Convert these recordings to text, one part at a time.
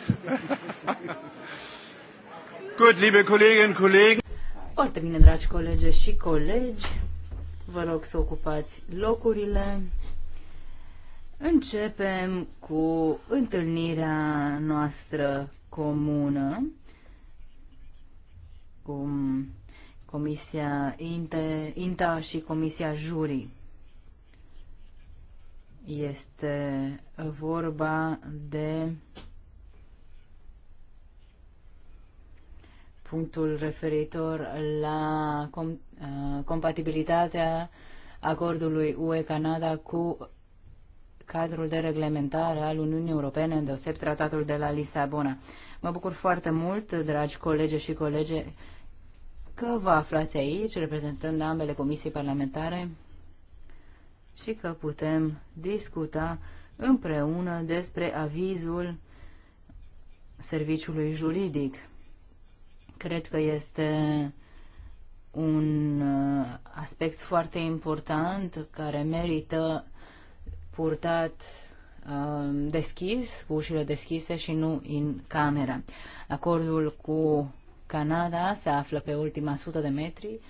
Gut, liebe Kolleginnen Kollegen. Foarte bine, dragi colegi și colegi. Vă rog să ocupați locurile. Începem cu întâlnirea noastră comună cu Comisia Inte, INTA și Comisia juri. Este vorba de punctul referitor la com, uh, compatibilitatea acordului UE-Canada cu cadrul de reglementare al Uniunii Europene, îndeoseb tratatul de la Lisabona. Mă bucur foarte mult, dragi colegi și colege, că vă aflați aici, reprezentând ambele comisii parlamentare și că putem discuta împreună despre avizul serviciului juridic. Cred că este un uh, aspect foarte important care merită purtat uh, deschis, cu ușile deschise și nu în camera. Acordul cu Canada se află pe ultima sută de metri.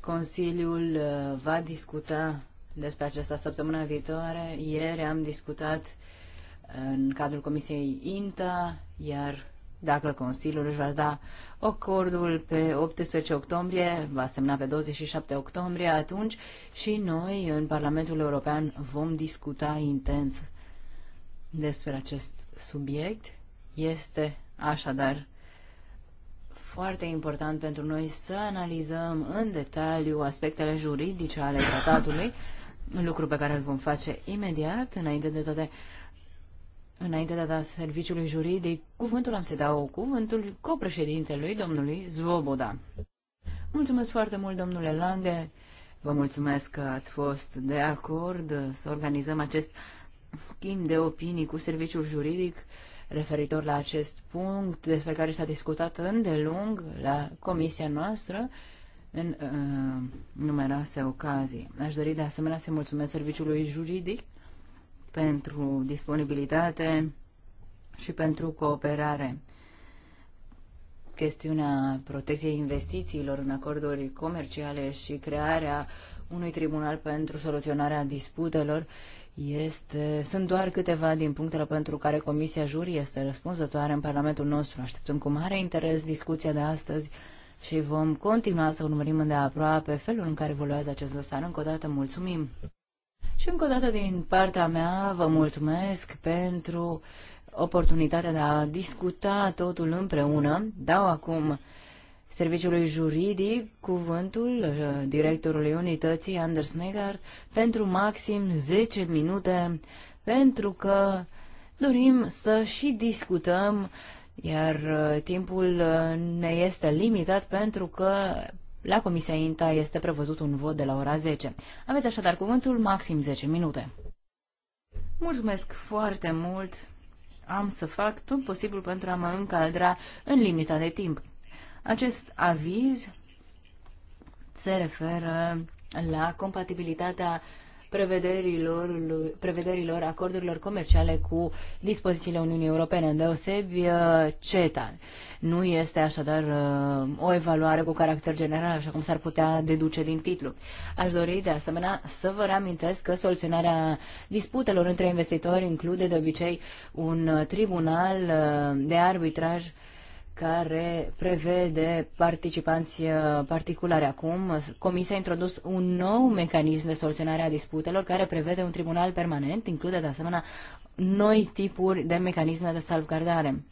Consiliul uh, va discuta despre acesta săptămâna viitoare. Ieri am discutat în cadrul Comisiei INTA, iar dacă Consiliul își va da acordul pe 18 octombrie, va semna pe 27 octombrie, atunci și noi în Parlamentul European vom discuta intens despre acest subiect. Este așadar foarte important pentru noi să analizăm în detaliu aspectele juridice ale tratatului, lucru pe care îl vom face imediat, înainte de toate Înainte de a da serviciului juridic, cuvântul am să dau cuvântul copreședintelui domnului Zvoboda. Mulțumesc foarte mult, domnule Lange. Vă mulțumesc că ați fost de acord să organizăm acest schimb de opinii cu serviciul juridic referitor la acest punct despre care s-a discutat îndelung la comisia noastră în uh, numeroase ocazii. Aș dori de asemenea să mulțumesc serviciului juridic pentru disponibilitate și pentru cooperare. Chestiunea protecției investițiilor în acorduri comerciale și crearea unui tribunal pentru soluționarea disputelor este, sunt doar câteva din punctele pentru care Comisia Juri este răspunzătoare în Parlamentul nostru. Așteptăm cu mare interes discuția de astăzi și vom continua să urmărim îndeaproape felul în care evoluează acest dosar. Încă o dată mulțumim! Și încă o dată din partea mea vă mulțumesc pentru oportunitatea de a discuta totul împreună. Dau acum Serviciului Juridic cuvântul uh, directorului unității Anders Negar pentru maxim 10 minute pentru că dorim să și discutăm iar uh, timpul uh, ne este limitat pentru că la Comisia INTA este prevăzut un vot de la ora 10. Aveți așadar cuvântul maxim 10 minute. Mulțumesc foarte mult! Am să fac tot posibil pentru a mă încadra în limita de timp. Acest aviz se referă la compatibilitatea prevederilor, prevederilor acordurilor comerciale cu dispozițiile Uniunii Europene, îndeosebi uh, CETA. Nu este așadar uh, o evaluare cu caracter general, așa cum s-ar putea deduce din titlu. Aș dori de asemenea să vă reamintesc că soluționarea disputelor între investitori include de obicei un uh, tribunal de arbitraj care prevede participanți uh, particulari. Acum, Comisia a introdus un nou mecanism de soluționare a disputelor care prevede un tribunal permanent, include de asemenea noi tipuri de mecanisme de salvgardare.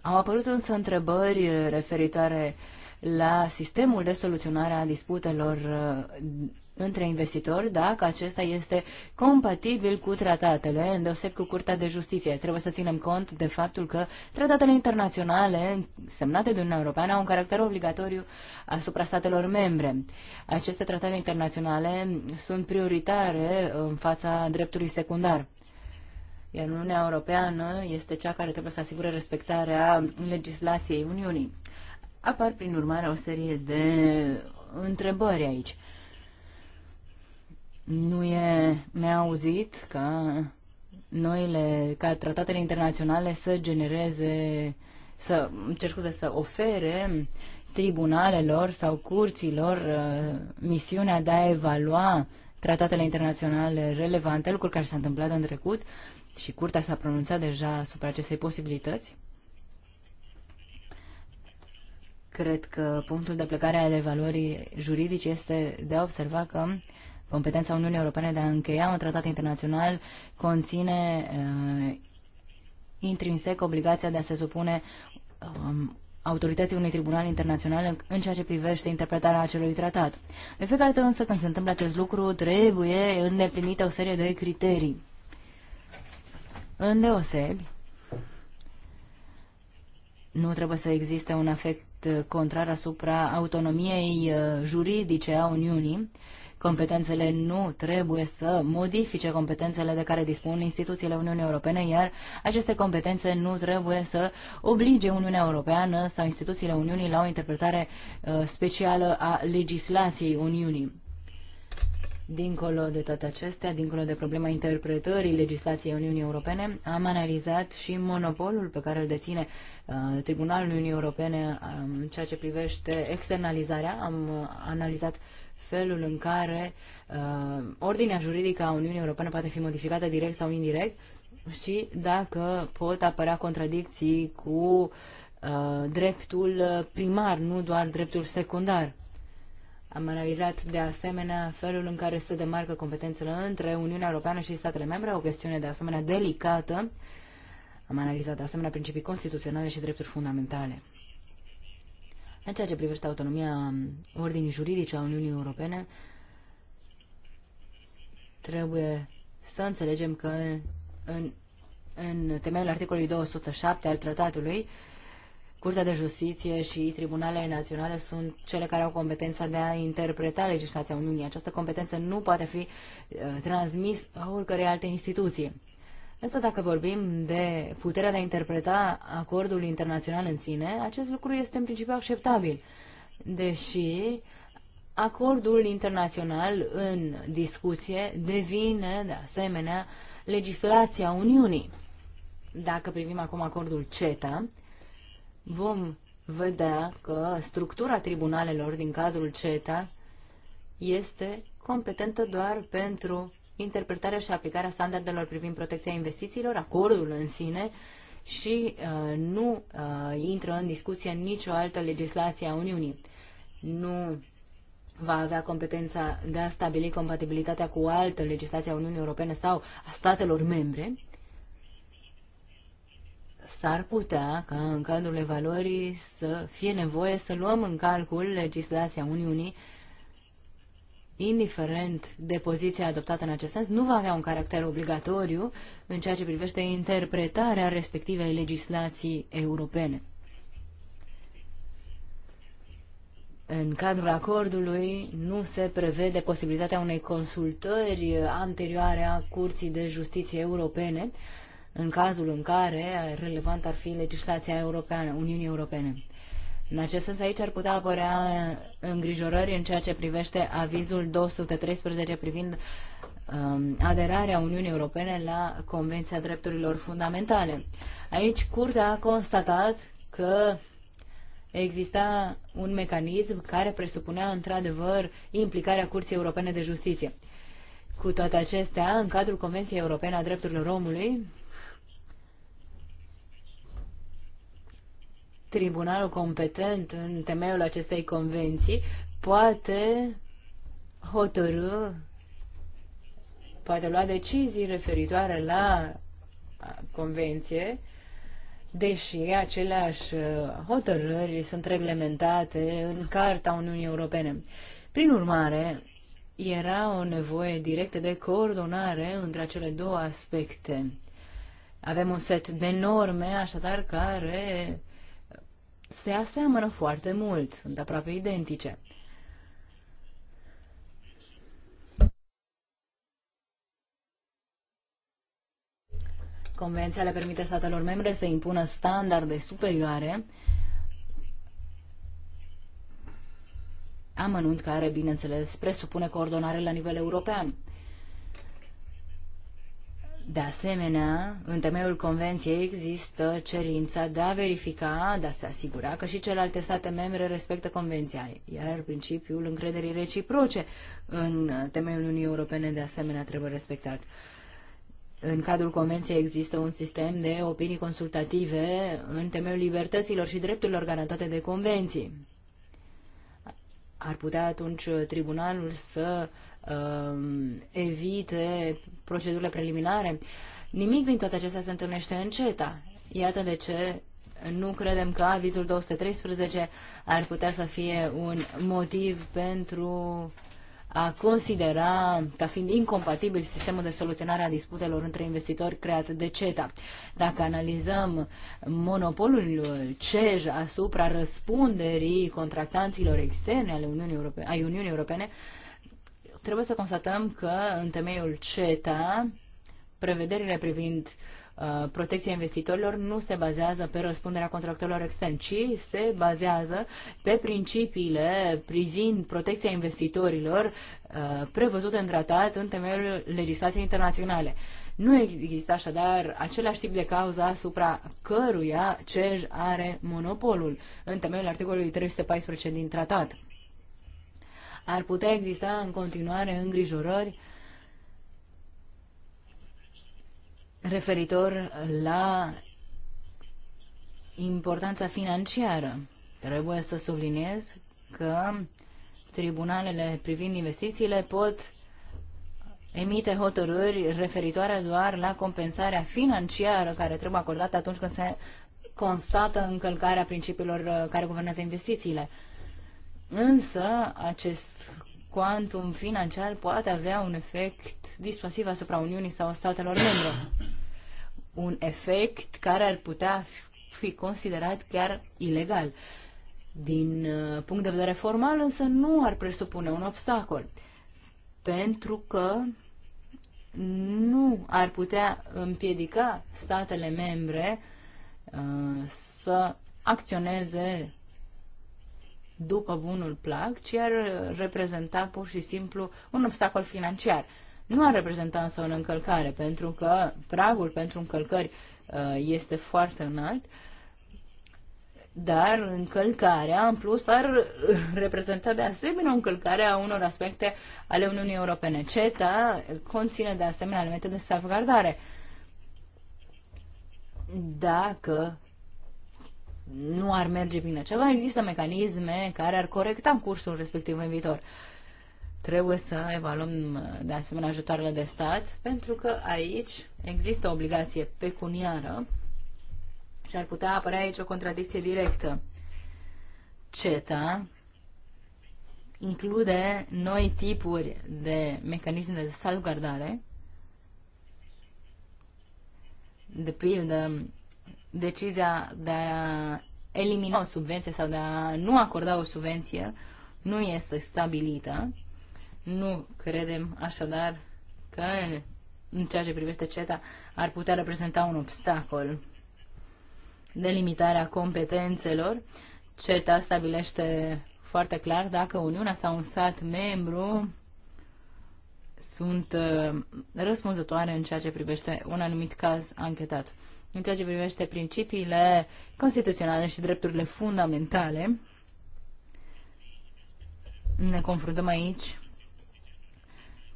Au apărut însă întrebări referitoare la sistemul de soluționare a disputelor uh, între investitori dacă acesta este compatibil cu tratatele, îndeoseb cu Curtea de Justiție. Trebuie să ținem cont de faptul că tratatele internaționale semnate de Uniunea Europeană au un caracter obligatoriu asupra statelor membre. Aceste tratate internaționale sunt prioritare în fața dreptului secundar. Iar Uniunea Europeană este cea care trebuie să asigure respectarea legislației Uniunii. Apar, prin urmare, o serie de întrebări aici nu e neauzit ca noile, ca tratatele internaționale să genereze, să, cer scuze, să ofere tribunalelor sau curților uh, misiunea de a evalua tratatele internaționale relevante, lucruri care s-a întâmplat în trecut și curtea s-a pronunțat deja asupra acestei posibilități. Cred că punctul de plecare al evaluării juridice este de a observa că competența Uniunii Europene de a încheia un tratat internațional conține uh, intrinsec obligația de a se supune um, autorității unui tribunal internațional în, în ceea ce privește interpretarea acelui tratat. De fiecare dată însă când se întâmplă acest lucru, trebuie îndeplinită o serie de criterii. Îndeosebi, nu trebuie să existe un efect contrar asupra autonomiei uh, juridice a Uniunii Competențele nu trebuie să modifice competențele de care dispun instituțiile Uniunii Europene, iar aceste competențe nu trebuie să oblige Uniunea Europeană sau instituțiile Uniunii la o interpretare uh, specială a legislației Uniunii. Dincolo de toate acestea, dincolo de problema interpretării legislației Uniunii Europene, am analizat și monopolul pe care îl deține uh, Tribunalul Uniunii Europene um, în ceea ce privește externalizarea. Am uh, analizat felul în care uh, ordinea juridică a Uniunii Europene poate fi modificată direct sau indirect și dacă pot apărea contradicții cu uh, dreptul primar, nu doar dreptul secundar. Am analizat de asemenea felul în care se demarcă competențele între Uniunea Europeană și statele membre, o chestiune de asemenea delicată. Am analizat de asemenea principii constituționale și drepturi fundamentale. În ceea ce privește autonomia ordinii juridice a Uniunii Europene, trebuie să înțelegem că în, în, în temeiul articolului 207 al tratatului, Curtea de Justiție și Tribunalele Naționale sunt cele care au competența de a interpreta legislația Uniunii. Această competență nu poate fi uh, transmisă oricărei alte instituții. Însă dacă vorbim de puterea de a interpreta acordul internațional în sine, acest lucru este în principiu acceptabil. Deși acordul internațional în discuție devine, de asemenea, legislația Uniunii. Dacă privim acum acordul CETA, vom vedea că structura tribunalelor din cadrul CETA este competentă doar pentru interpretarea și aplicarea standardelor privind protecția investițiilor, acordul în sine și uh, nu uh, intră în discuție nicio altă legislație a Uniunii. Nu va avea competența de a stabili compatibilitatea cu altă legislație a Uniunii Europene sau a statelor membre, s-ar putea ca în cadrul evaluării să fie nevoie să luăm în calcul legislația Uniunii indiferent de poziția adoptată în acest sens, nu va avea un caracter obligatoriu în ceea ce privește interpretarea respectivei legislații europene. În cadrul acordului nu se prevede posibilitatea unei consultări anterioare a Curții de Justiție Europene, în cazul în care relevant ar fi legislația europeană, Uniunii Europene. În acest sens, aici ar putea apărea îngrijorări în ceea ce privește avizul 213 privind um, aderarea Uniunii Europene la Convenția Drepturilor Fundamentale. Aici, Curtea a constatat că exista un mecanism care presupunea, într-adevăr, implicarea Curții Europene de Justiție. Cu toate acestea, în cadrul Convenției Europene a Drepturilor Omului, tribunalul competent în temeiul acestei convenții poate hotărâ, poate lua decizii referitoare la convenție, deși aceleași uh, hotărâri sunt reglementate în Carta Uniunii Europene. Prin urmare, era o nevoie directă de coordonare între acele două aspecte. Avem un set de norme, așadar, care se aseamănă foarte mult, sunt aproape identice. Convenția le permite statelor membre să impună standarde superioare, amănunt care, bineînțeles, presupune coordonare la nivel european. De asemenea, în temeiul convenției există cerința de a verifica, de a se asigura că și celelalte state membre respectă convenția, iar principiul încrederii reciproce în temeiul Uniunii Europene de asemenea trebuie respectat. În cadrul Convenției există un sistem de opinii consultative în temeiul libertăților și drepturilor garantate de Convenții. Ar putea atunci tribunalul să uh, Um, evite procedurile preliminare. Nimic din toate acestea se întâlnește în CETA. Iată de ce nu credem că avizul 213 ar putea să fie un motiv pentru a considera ca fiind incompatibil sistemul de soluționare a disputelor între investitori creat de CETA. Dacă analizăm monopolul CEJ asupra răspunderii contractanților externe ale Uniunii Europene, ai Uniunii Europene, Trebuie să constatăm că în temeiul CETA, prevederile privind uh, protecția investitorilor nu se bazează pe răspunderea contractelor externi, ci se bazează pe principiile privind protecția investitorilor uh, prevăzute în tratat în temeiul legislației internaționale. Nu există așadar același tip de cauză asupra căruia CEJ are monopolul în temeiul articolului 314 din tratat ar putea exista în continuare îngrijorări referitor la importanța financiară. Trebuie să subliniez că tribunalele privind investițiile pot emite hotărâri referitoare doar la compensarea financiară care trebuie acordată atunci când se constată încălcarea principiilor uh, care guvernează investițiile. Însă, acest quantum financiar poate avea un efect dispasiv asupra Uniunii sau statelor membre. Un efect care ar putea fi considerat chiar ilegal. Din uh, punct de vedere formal, însă, nu ar presupune un obstacol. Pentru că nu ar putea împiedica statele membre uh, să acționeze după bunul plac, ci ar reprezenta pur și simplu un obstacol financiar. Nu ar reprezenta însă o încălcare, pentru că pragul pentru încălcări uh, este foarte înalt, dar încălcarea, în plus, ar reprezenta de asemenea o încălcare a unor aspecte ale Uniunii Europene. CETA conține de asemenea elemente de salvgardare. Dacă nu ar merge bine ceva, există mecanisme care ar corecta cursul respectiv în viitor. Trebuie să evaluăm de asemenea ajutoarele de stat, pentru că aici există o obligație pecuniară și ar putea apărea aici o contradicție directă. CETA include noi tipuri de mecanisme de salvgardare, de pildă decizia de a elimina o subvenție sau de a nu acorda o subvenție nu este stabilită. Nu credem așadar că în ceea ce privește CETA ar putea reprezenta un obstacol. de limitarea competențelor. CETA stabilește foarte clar dacă Uniunea sau un stat membru sunt uh, răspunzătoare în ceea ce privește un anumit caz anchetat în ceea ce privește principiile constituționale și drepturile fundamentale. Ne confruntăm aici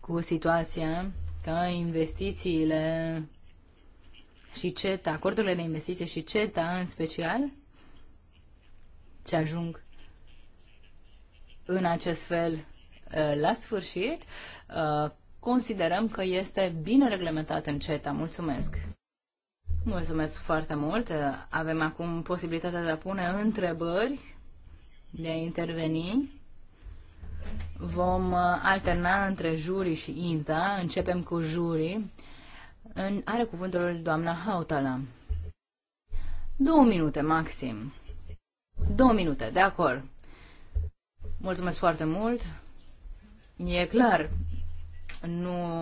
cu situația că investițiile și CETA, acordurile de investiție și CETA în special, ce ajung în acest fel uh, la sfârșit, uh, considerăm că este bine reglementat în CETA. Mulțumesc! Mulțumesc foarte mult. Avem acum posibilitatea de a pune întrebări, de a interveni. Vom uh, alterna între jurii și INTA. Începem cu jurii. În, are cuvântul doamna Hautala. Două minute maxim. Două minute, de acord. Mulțumesc foarte mult. E clar, nu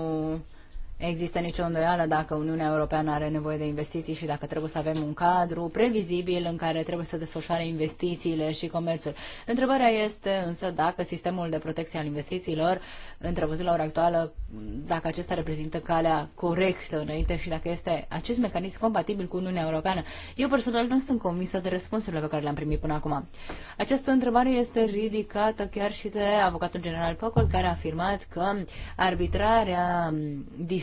există nicio îndoială dacă Uniunea Europeană are nevoie de investiții și dacă trebuie să avem un cadru previzibil în care trebuie să desfășoare investițiile și comerțul. Întrebarea este însă dacă sistemul de protecție al investițiilor, întrebăzut la ora actuală, dacă acesta reprezintă calea corectă înainte și dacă este acest mecanism compatibil cu Uniunea Europeană. Eu personal nu sunt convinsă de răspunsurile pe care le-am primit până acum. Această întrebare este ridicată chiar și de avocatul general Pocol, care a afirmat că arbitrarea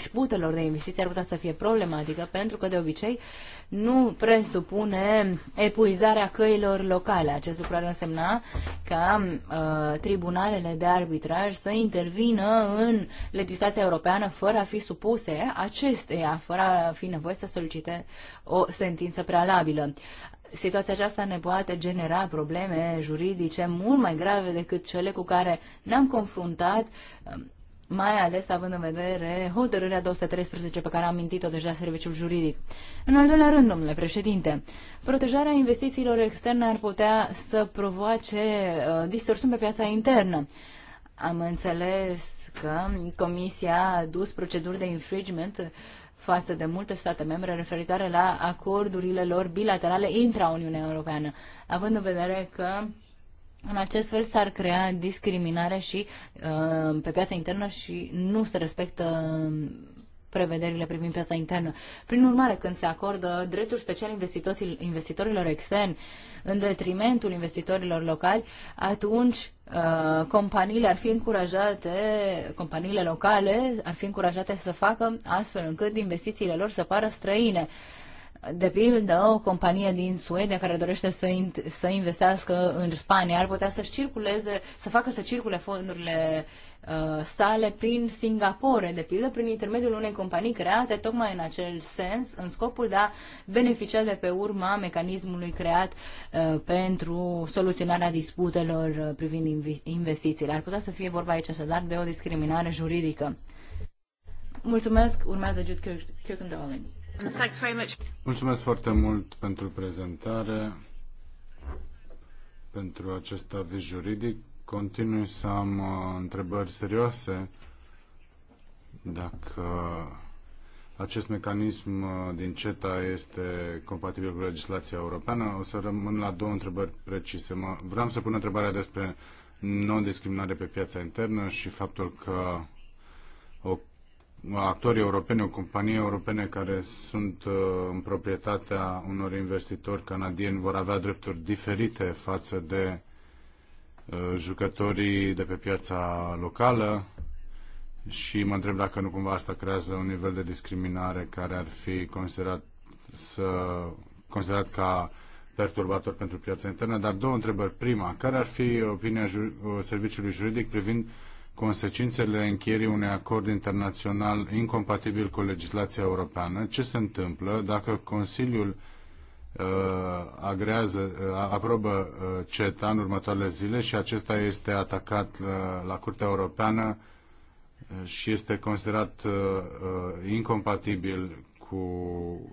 disputelor de investiții ar putea să fie problematică, pentru că de obicei nu presupune epuizarea căilor locale. Acest lucru ar însemna ca uh, tribunalele de arbitraj să intervină în legislația europeană fără a fi supuse acesteia, fără a fi nevoie să solicite o sentință prealabilă situația aceasta ne poate genera probleme juridice mult mai grave decât cele cu care ne-am confruntat um, mai ales având în vedere hotărârea 213 pe care am mintit-o deja serviciul juridic. În al doilea rând, domnule președinte, protejarea investițiilor externe ar putea să provoace uh, distorsiuni pe piața internă. Am înțeles că Comisia a dus proceduri de infringement față de multe state membre referitoare la acordurile lor bilaterale intra-Uniunea Europeană, având în vedere că în acest fel s-ar crea discriminare și uh, pe piața internă și nu se respectă prevederile privind piața internă. Prin urmare, când se acordă drepturi speciale investitorilor externi în detrimentul investitorilor locali, atunci uh, companiile ar fi încurajate, companiile locale ar fi încurajate să facă astfel încât investițiile lor să pară străine. Uh, de pildă, o companie din Suedia care dorește să, in- să investească în Spania ar putea să circuleze, să facă să circule fondurile uh, sale prin Singapore, de pildă, prin intermediul unei companii create tocmai în acel sens, în scopul de a beneficia de pe urma mecanismului creat uh, pentru soluționarea disputelor uh, privind investițiile. Ar putea să fie vorba aici așadar de o discriminare juridică. Mulțumesc, urmează Jude Kirkendall. Kirk Thanks very much. Mulțumesc foarte mult pentru prezentare, pentru acest aviz juridic. Continui să am uh, întrebări serioase dacă acest mecanism uh, din CETA este compatibil cu legislația europeană. O să rămân la două întrebări precise. Mă, vreau să pun întrebarea despre non-discriminare pe piața internă și faptul că o actorii europeni, o companie europene care sunt uh, în proprietatea unor investitori canadieni vor avea drepturi diferite față de uh, jucătorii de pe piața locală și mă întreb dacă nu cumva asta creează un nivel de discriminare care ar fi considerat, să, considerat ca perturbator pentru piața internă, dar două întrebări. Prima, care ar fi opinia ju- uh, serviciului juridic privind uh, consecințele încheierii unui acord internațional incompatibil cu legislația europeană, ce se întâmplă dacă Consiliul uh, agrează, uh, aprobă uh, CETA în următoarele zile și acesta este atacat uh, la Curtea Europeană uh, și este considerat uh, uh, incompatibil cu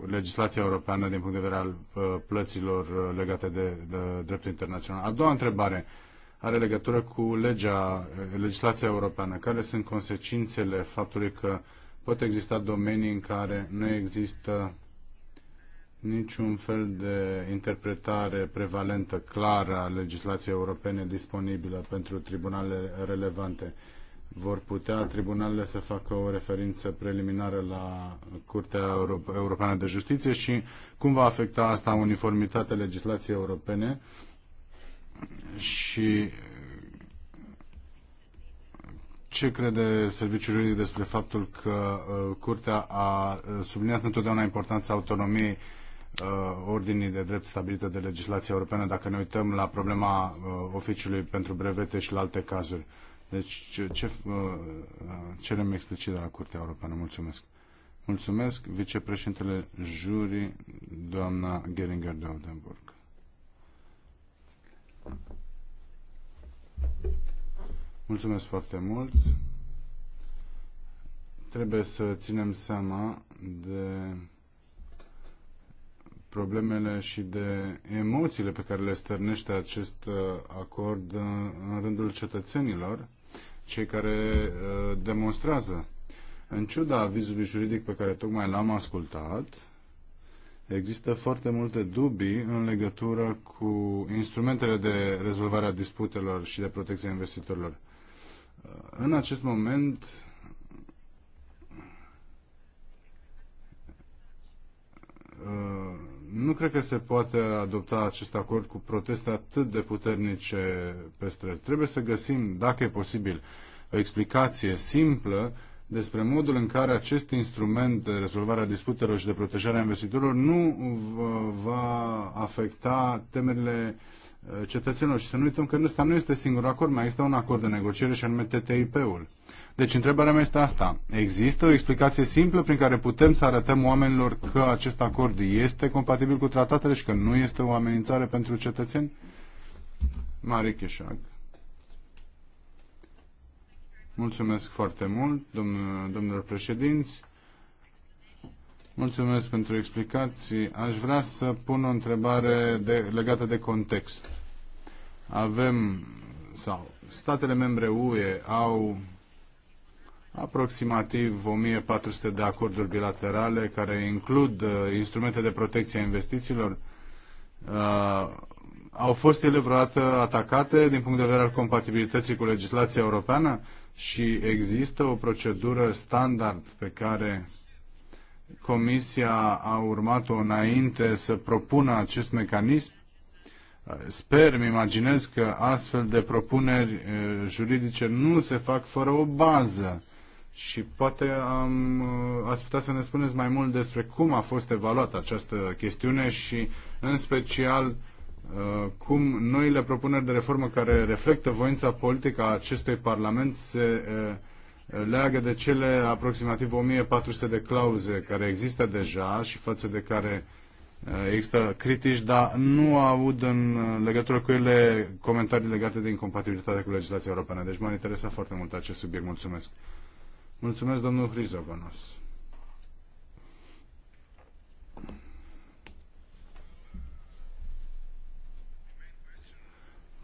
legislația europeană din punct de vedere al uh, plăților uh, legate de, de dreptul internațional. A doua întrebare. Uh, are legătură cu legea, eh, legislația europeană. Care sunt consecințele faptului că pot exista domenii în care nu există niciun fel de interpretare prevalentă, clară a legislației europene disponibilă pentru tribunale relevante. Vor putea tribunalele să facă o referință preliminară la Curtea Europeană de Justiție și cum va afecta asta uniformitatea legislației europene și uh, ce crede serviciul juridic despre faptul că uh, Curtea a uh, subliniat întotdeauna importanța autonomiei ordinii de drept stabilită de legislația europeană dacă ne uităm la problema oficiului pentru brevete și la alte cazuri? Deci ce, ce cerem explicit de la Curtea Europeană? Mulțumesc. Mulțumesc, vicepreședintele jurii, doamna Geringer de Odenburg. Mulțumesc foarte mult. Trebuie să ținem seama de problemele și de emoțiile pe care le stărnește acest uh, acord uh, în rândul cetățenilor, cei care uh, demonstrează. În ciuda avizului juridic pe care tocmai l-am ascultat, Există foarte multe dubii în legătură cu instrumentele de rezolvare a disputelor și de protecție a investitorilor. În acest moment, nu cred că se poate adopta acest acord cu proteste atât de puternice pe străzi. Trebuie să găsim, dacă e posibil, o explicație simplă despre modul în care acest instrument de rezolvare a disputelor și de protejare a investitorilor nu va afecta temerile uh, cetățenilor. Și să nu uităm că ăsta nu este singurul acord, mai este un acord de negociere și anume TTIP-ul. Deci întrebarea mea este asta. Există o explicație simplă prin care putem să arătăm oamenilor că acest acord este compatibil cu tratatele și că nu este o amenințare pentru cetățeni? Mare Cheșag. Mulțumesc foarte mult, domnilor președinți. Mulțumesc pentru explicații. Aș vrea să pun o întrebare de, legată de context. Avem, sau statele membre UE au aproximativ 1400 de acorduri bilaterale care includ uh, instrumente de protecție a investițiilor. Uh, au fost ele vreodată atacate din punct de vedere al compatibilității cu legislația europeană? și există o procedură standard pe care Comisia a urmat-o înainte să propună acest mecanism? Sper, îmi imaginez că astfel de propuneri eh, juridice nu se fac fără o bază. Și poate am, eh, ați putea să ne spuneți mai mult despre cum a fost evaluată această chestiune și, în special, Uh, cum noile propuneri de reformă care reflectă voința politică a acestui Parlament se uh, uh, leagă de cele aproximativ 1400 de clauze care există deja și față de care există critici, dar nu aud în legătură cu ele comentarii legate de incompatibilitatea cu legislația europeană. Deci m-a interesat foarte mult acest subiect. Mulțumesc. Mulțumesc, domnul Hrizogonos.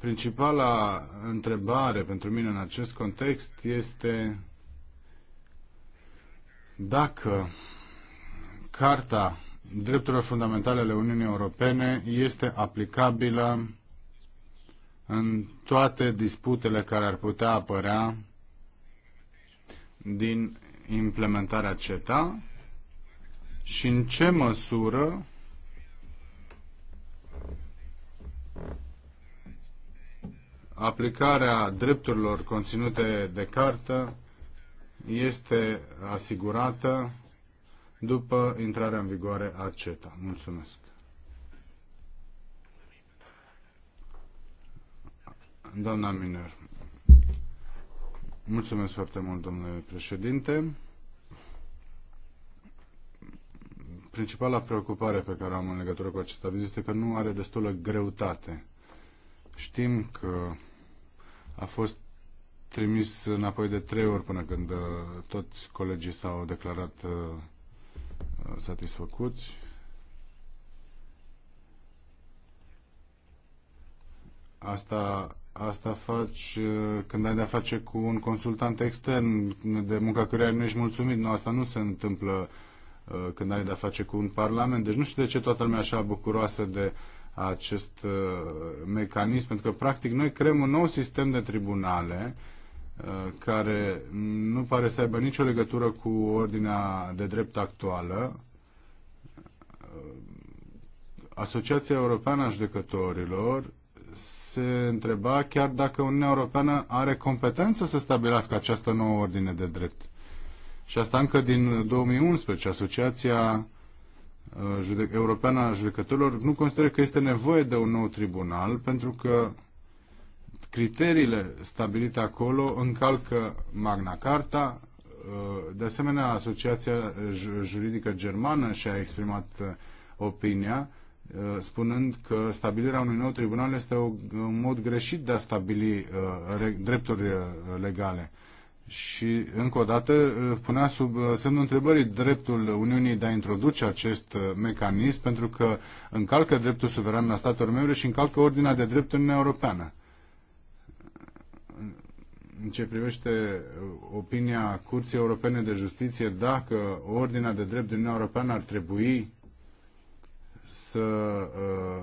Principala întrebare pentru mine în acest context este dacă Carta Drepturilor Fundamentale ale Uniunii Europene este aplicabilă în toate disputele care ar putea apărea din implementarea CETA și în ce măsură aplicarea drepturilor conținute de cartă este asigurată după intrarea în vigoare a CETA. Mulțumesc. Doamna Miner. Mulțumesc foarte mult, domnule președinte. Principala preocupare pe care o am în legătură cu acest aviz este că nu are destulă greutate. Știm că a fost trimis înapoi de trei ori până când uh, toți colegii s-au declarat uh, satisfăcuți. Asta, asta faci uh, când ai de-a face cu un consultant extern de munca căruia nu ești mulțumit. Nu, asta nu se întâmplă când ai de-a face cu un parlament. Deci nu știu de ce toată lumea așa bucuroasă de uh, acest uh, mecanism, pentru că practic noi creăm un nou sistem de tribunale uh, care nu pare să aibă nicio legătură cu ordinea de drept actuală. Asociația Europeană a Judecătorilor se întreba chiar dacă Uniunea Europeană are competență să stabilească această nouă ordine de drept. Și asta încă din 2011. Asociația Uh, europeană a Judecătorilor nu consideră că este nevoie de un nou tribunal pentru că criteriile stabilite acolo încalcă Magna Carta. Uh, de asemenea, Asociația Juridică Germană și-a exprimat uh, opinia spunând că stabilirea unui nou tribunal este un mod greșit de a stabili drepturi legale și, încă o dată, uh, punea sub uh, semnul întrebării dreptul Uniunii de a introduce acest uh, mecanism, pentru că încalcă dreptul suveran al statelor membre și încalcă ordinea de drept în Uniunea Europeană. În ce privește opinia Curții Europene de Justiție, dacă ordinea de drept din Uniunea Europeană ar trebui să uh,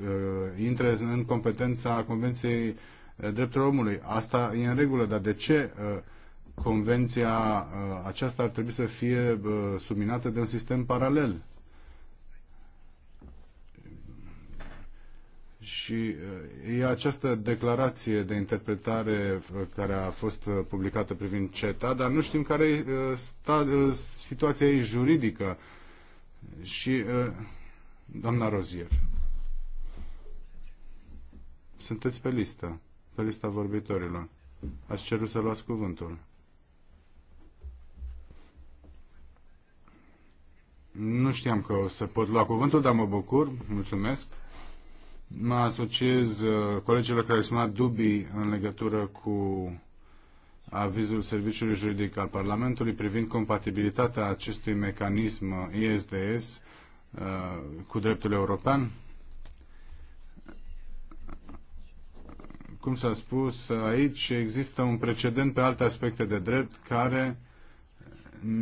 uh, intre în competența Convenției drepturile omului. Asta e în regulă, dar de ce uh, convenția uh, aceasta ar trebui să fie uh, subminată de un sistem paralel? Și e această declarație de interpretare care a fost publicată privind CETA, dar nu știm care e sta, situația ei juridică. Și doamna Rozier, sunteți pe listă pe lista vorbitorilor. Aș ceru să luați cuvântul. Nu știam că o să pot lua cuvântul, dar mă bucur, mulțumesc. Mă asociez uh, colegilor care au exprimat dubii în legătură cu avizul Serviciului Juridic al Parlamentului privind compatibilitatea acestui mecanism ISDS uh, cu dreptul european. Cum s-a spus, aici există un precedent pe alte aspecte de drept care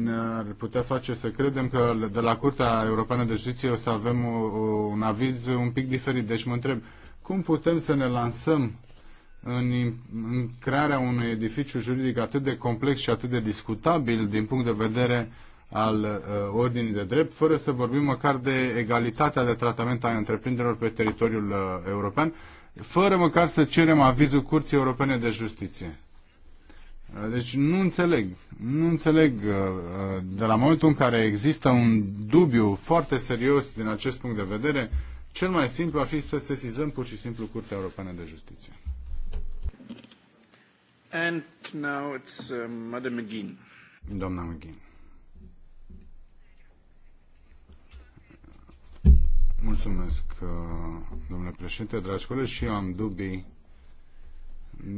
ne-ar putea face să credem că de la Curtea Europeană de Justiție o să avem o, o, un aviz un pic diferit. Deci mă întreb, cum putem să ne lansăm în, în crearea unui edificiu juridic atât de complex și atât de discutabil din punct de vedere al uh, ordinii de drept, fără să vorbim măcar de egalitatea de tratament a întreprinderilor pe teritoriul uh, european, fără măcar să cerem avizul Curții Europene de Justiție. Uh, deci nu înțeleg, nu înțeleg uh, uh, de la momentul în care există un dubiu foarte serios din acest punct de vedere, cel mai simplu ar fi să sesizăm pur și simplu Curtea Europeană de Justiție. And now it's uh, Madam McGinn. Doamna McGinn. Mulțumesc, uh, domnule președinte, dragi colegi, și eu am dubii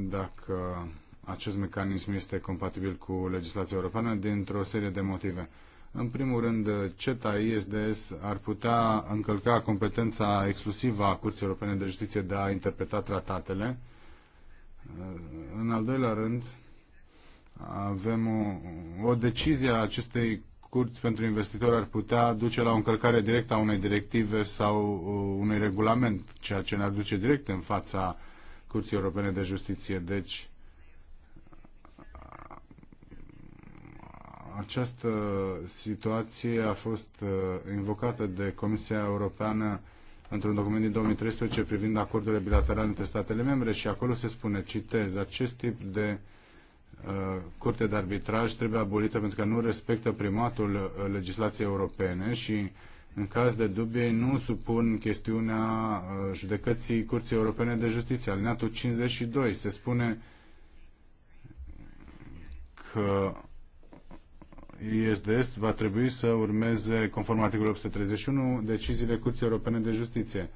dacă acest mecanism este compatibil cu legislația europeană dintr-o serie de motive. În primul rând, CETA ISDS ar putea încălca competența exclusivă a Curții Europene de Justiție de a interpreta tratatele. Uh, în al doilea rând, avem o, o decizie a acestei scurți pentru investitori ar putea duce la o încălcare directă a unei directive sau uh, unui regulament, ceea ce ne-ar duce direct în fața Curții Europene de Justiție. Deci, această situație a fost uh, invocată de Comisia Europeană într-un document din 2013 privind acordurile bilaterale între statele membre și acolo se spune, citez, acest tip de uh, Uh, curte de arbitraj trebuie abolită pentru că nu respectă primatul uh, legislației europene și în caz de dubie nu supun chestiunea uh, judecății Curții Europene de Justiție. Alineatul 52 se spune că ISDS va trebui să urmeze, conform articolului 831, deciziile Curții Europene de Justiție.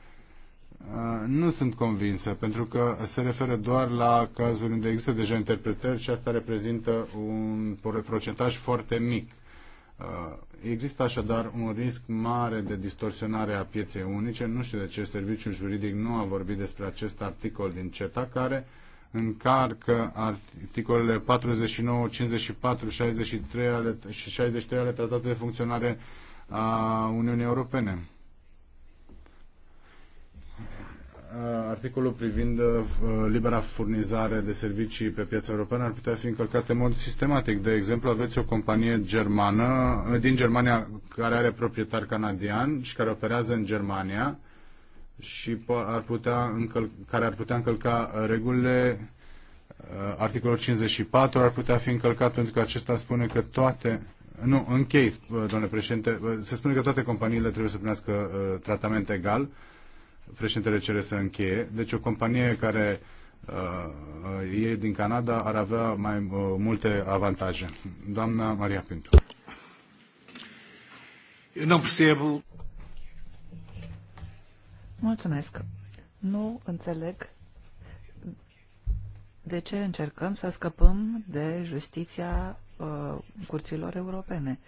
Uh, nu sunt convinsă, pentru că se referă doar la cazuri unde există deja interpretări și asta reprezintă un procentaj foarte mic. Uh, există așadar un risc mare de distorsionare a pieței unice. Nu știu de ce serviciul juridic nu a vorbit despre acest articol din CETA care încarcă articolele 49, 54, 63 ale, și 63 ale Tratatului de Funcționare a Uniunii Europene. Uh, articolul privind uh, libera furnizare de servicii pe piața europeană ar putea fi încălcat în mod sistematic. De exemplu, aveți o companie germană, uh, din Germania care are proprietar canadian și care operează în Germania și ar putea încălca, care ar putea încălca regulile articolul 54 ar putea fi încălcat pentru că acesta spune că toate nu, închei, domnule președinte, se spune că toate companiile trebuie să primească tratament egal președintele cere să încheie. Deci o companie care uh, e din Canada ar avea mai uh, multe avantaje. Doamna Maria Pintu. Eu nu percebo. Mulțumesc. Nu înțeleg de ce încercăm să scăpăm de justiția uh, curților europene. Uh,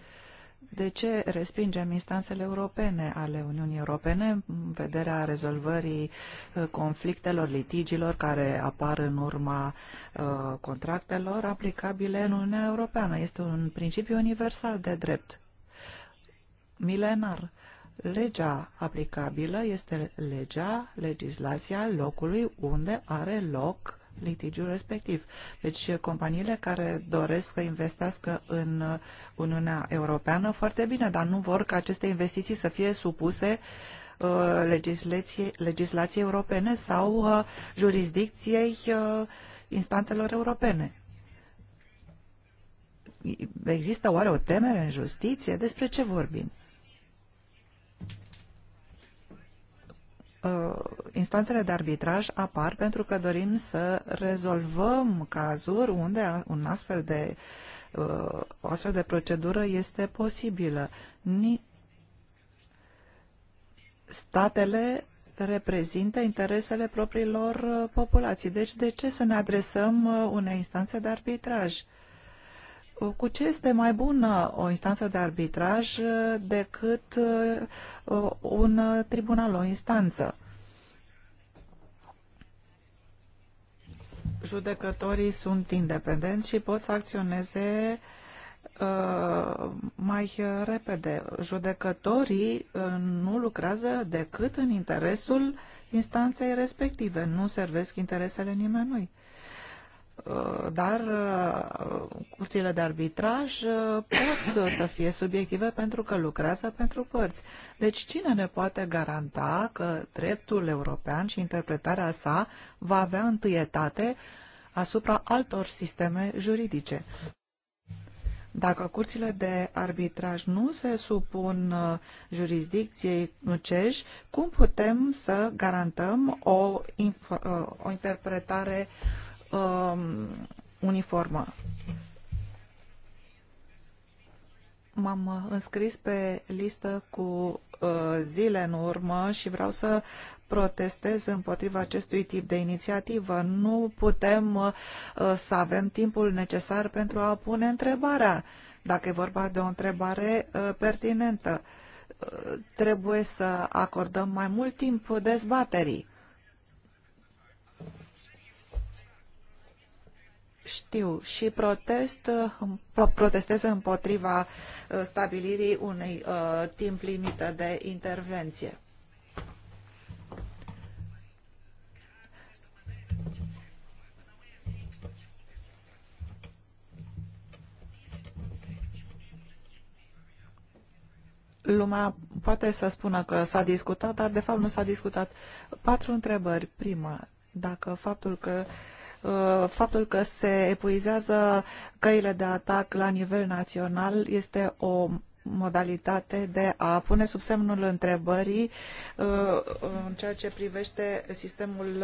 de ce respingem instanțele europene ale Uniunii Europene în vederea rezolvării uh, conflictelor, litigilor care apar în urma uh, contractelor aplicabile în Uniunea Europeană? Este un principiu universal de drept. Milenar. Legea aplicabilă este legea, legislația locului unde are loc litigiul respectiv. Deci companiile care doresc să investească în Uniunea Europeană, foarte bine, dar nu vor ca aceste investiții să fie supuse uh, legislației, legislație europene sau uh, jurisdicției uh, instanțelor europene. Există oare o temere în justiție? Despre ce vorbim? uh, instanțele de arbitraj apar pentru că dorim să rezolvăm cazuri unde un astfel de, uh, o astfel de procedură este posibilă. Ni statele reprezintă interesele propriilor uh, populații. Deci de ce să ne adresăm uh, unei instanțe de arbitraj? cu ce este mai bună o instanță de arbitraj uh, decât uh, un uh, tribunal, o instanță? Judecătorii sunt independenți și pot să acționeze mai repede. Judecătorii nu lucrează decât în interesul instanței respective, nu servesc interesele nimănui. Uh, dar uh, curțile de arbitraj uh, pot să fie subiective pentru că lucrează pentru părți. Deci cine ne poate garanta că dreptul european și interpretarea sa va avea întâietate asupra altor sisteme juridice? Dacă curțile de arbitraj nu se supun jurisdicției ceși, cum putem să garantăm o, o interpretare uh, uh, uniformă. M-am înscris pe listă cu uh, zile în urmă și vreau să protestez împotriva acestui tip de inițiativă. Nu putem uh, să avem timpul necesar pentru a pune întrebarea, dacă e vorba de o întrebare uh, pertinentă. Trebuie să acordăm mai mult timp dezbaterii. știu și protest, protestez împotriva uh, stabilirii unei uh, timp limită de intervenție. Lumea poate să spună că s-a discutat, dar de fapt nu s-a discutat. Patru întrebări. Prima, dacă faptul că uh, Uh, faptul că se epuizează căile de atac la nivel național este o modalitate de a pune sub semnul întrebării uh, în ceea ce privește sistemul